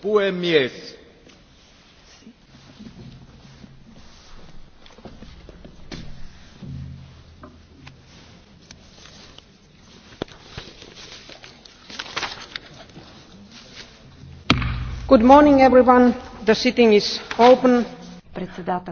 puhemies Good morning everyone. The sitting is open. Председател